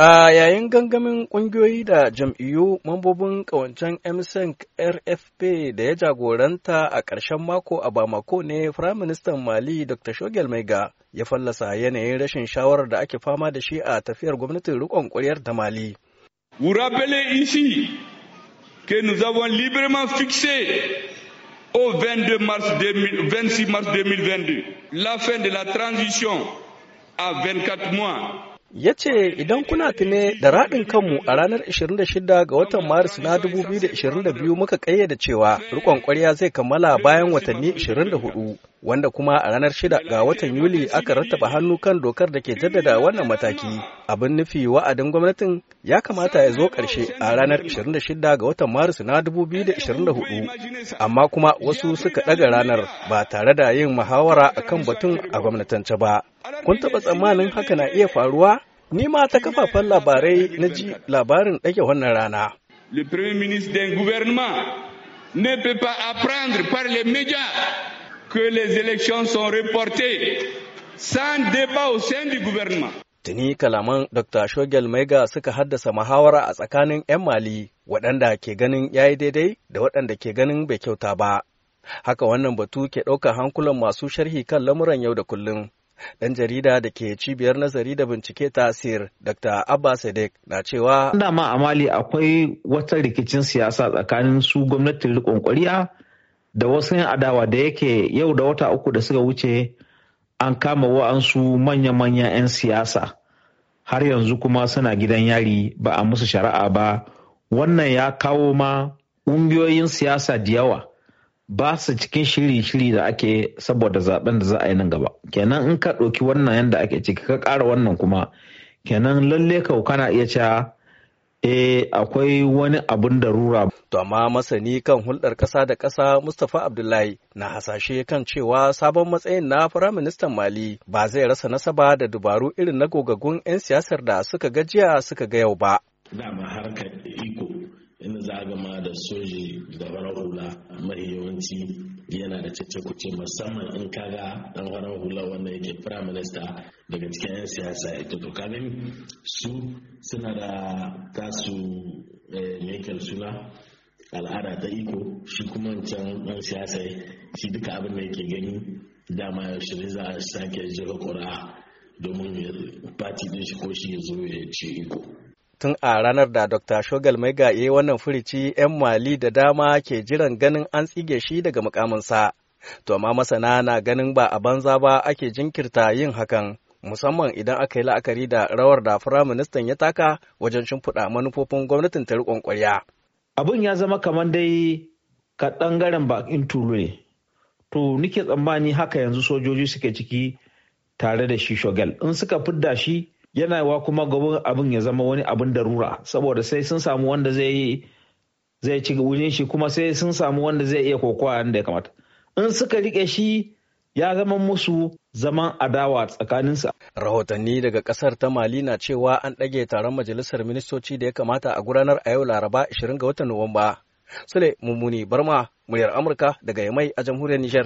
A yayin gangamin ƙungiyoyi da jam'iyyu mambobin ƙawancen MSNC RFP da ya jagoranta a ƙarshen mako a Bamako ne ministan Mali Dr. Shogel Maiga ya fallasa yanayin rashin shawarar da ake fama da shi a tafiyar gwamnatin riƙon ƙuryar da Mali. Vous rappelez ici que nous avons librement fixé au 22 mars 2000, 26 mars 2022 la fin de la transition à 24 mois ya ce idan kuna tune da raɗin kanmu a ranar 26 ga watan maris na 2022 muka ƙayyade cewa rikon ƙwarya zai kammala bayan watanni 24 wanda kuma a ranar shida ga watan Yuli aka rattaba hannu kan dokar da ke jaddada wannan mataki. Abin nufi wa'adin gwamnatin ya kamata ya zo ƙarshe a ranar 26 ga watan Maris na 2024, amma kuma wasu suka ɗaga ranar ba tare da yin muhawara kan batun a gwamnatance ba. Kun taɓa tsammanin haka na iya faruwa? Ni ma ta kafafen labarai na ji labarin ɗage wannan rana. Le Premier ministre d'un gouvernement ne peut pas apprendre par les médias que les élections sont reportées sans débat au sein du gouvernement. Tuni kalaman Dr. Shogel Maiga suka haddasa muhawara a tsakanin 'yan Mali waɗanda ke ganin ya yi daidai da waɗanda ke ganin bai kyauta ba. Haka wannan batu ke ɗaukar hankulan masu sharhi kan lamuran yau da kullum. Ɗan jarida da ke cibiyar nazari da bincike ta asir Dr. Abba Sadek na cewa. Dama a Mali akwai wata rikicin siyasa tsakanin su gwamnatin riƙon ƙwariya da wasu yan adawa da yake yau da wata uku da suka wuce an kama wa'ansu manya-manyan 'yan siyasa har yanzu kuma suna gidan yari ba a musu shari'a ba wannan ya kawo ma ƙungiyoyin siyasa da yawa ba su cikin shiri-shiri da ake saboda zaben da za a yi nan gaba kenan in ka ɗauki wannan yadda ake ciki ka ƙara wannan kuma kenan lalle kau kana iya cewa eh akwai wani abun da rura. To amma masani kan hulɗar ƙasa da ƙasa Mustapha Abdullahi na hasashe kan cewa sabon matsayin na Firaministan Mali ba zai rasa nasaba da dubaru irin na gogagun 'yan siyasar da suka gajiya suka ga yau ba. Dama harkar za da soji da farar hula mai yawanci yana da cece musamman in kaga dan farar hula wanda yake prime minister daga cikin 'yan siyasa ita to kamin su suna da tasu eh, mekel suna al'ada ta iko shi kuma can dan siyasa shi duka abin da yake gani dama yaushe za a sake jira ƙura domin fati din shi ko shi ya zo ya ce iko tun a ranar da dr shogal mai ya wannan furici 'yan mali da dama ke jiran ganin an tsige shi daga mukaminsa to amma masana na ganin ba a banza ba ake jinkirta yin hakan musamman idan aka yi la'akari da rawar da firaministan ya taka wajen shimfiɗa manufofin gwamnatin ta riƙon ƙwarya. abin ya zama kamar dai kaɗan garin bakin tulu ne to nike tsammani haka yanzu sojoji suke ciki tare da shi shogal in suka fidda shi yana wa kuma gaban abin ya zama wani abin darura saboda sai sun samu wanda zai zai ci wujin shi kuma sai sun samu wanda zai iya kokowa yadda ya kamata in suka rike shi ya zama musu zaman adawa tsakaninsa. Rahotanni daga kasar ta Mali na cewa an ɗage taron majalisar ministoci da ya kamata a gudanar a yau Laraba 20 ga watan Nuwamba. Sule Mummuni Barma, muryar Amurka daga Yamai a jamhuriyar Niger.